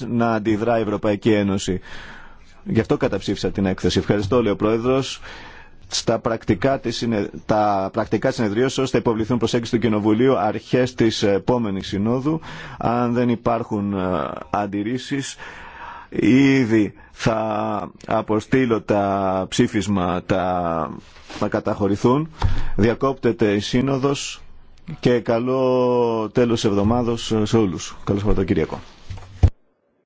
να αντιδρά η Ευρωπαϊκή Ένωση. Γι' αυτό καταψήφισα την έκθεση. Ευχαριστώ, λέει ο Πρόεδρο. Στα πρακτικά της, τα πρακτικά θα υποβληθούν προσέγγιση του Κοινοβουλίου αρχές της επόμενη συνόδου. Αν δεν υπάρχουν ε, αντιρρήσει, ήδη θα αποστείλω τα ψήφισμα τα, να καταχωρηθούν. Διακόπτεται η σύνοδος και καλό τέλος εβδομάδος σε όλους. Καλό Σαββατοκύριακο.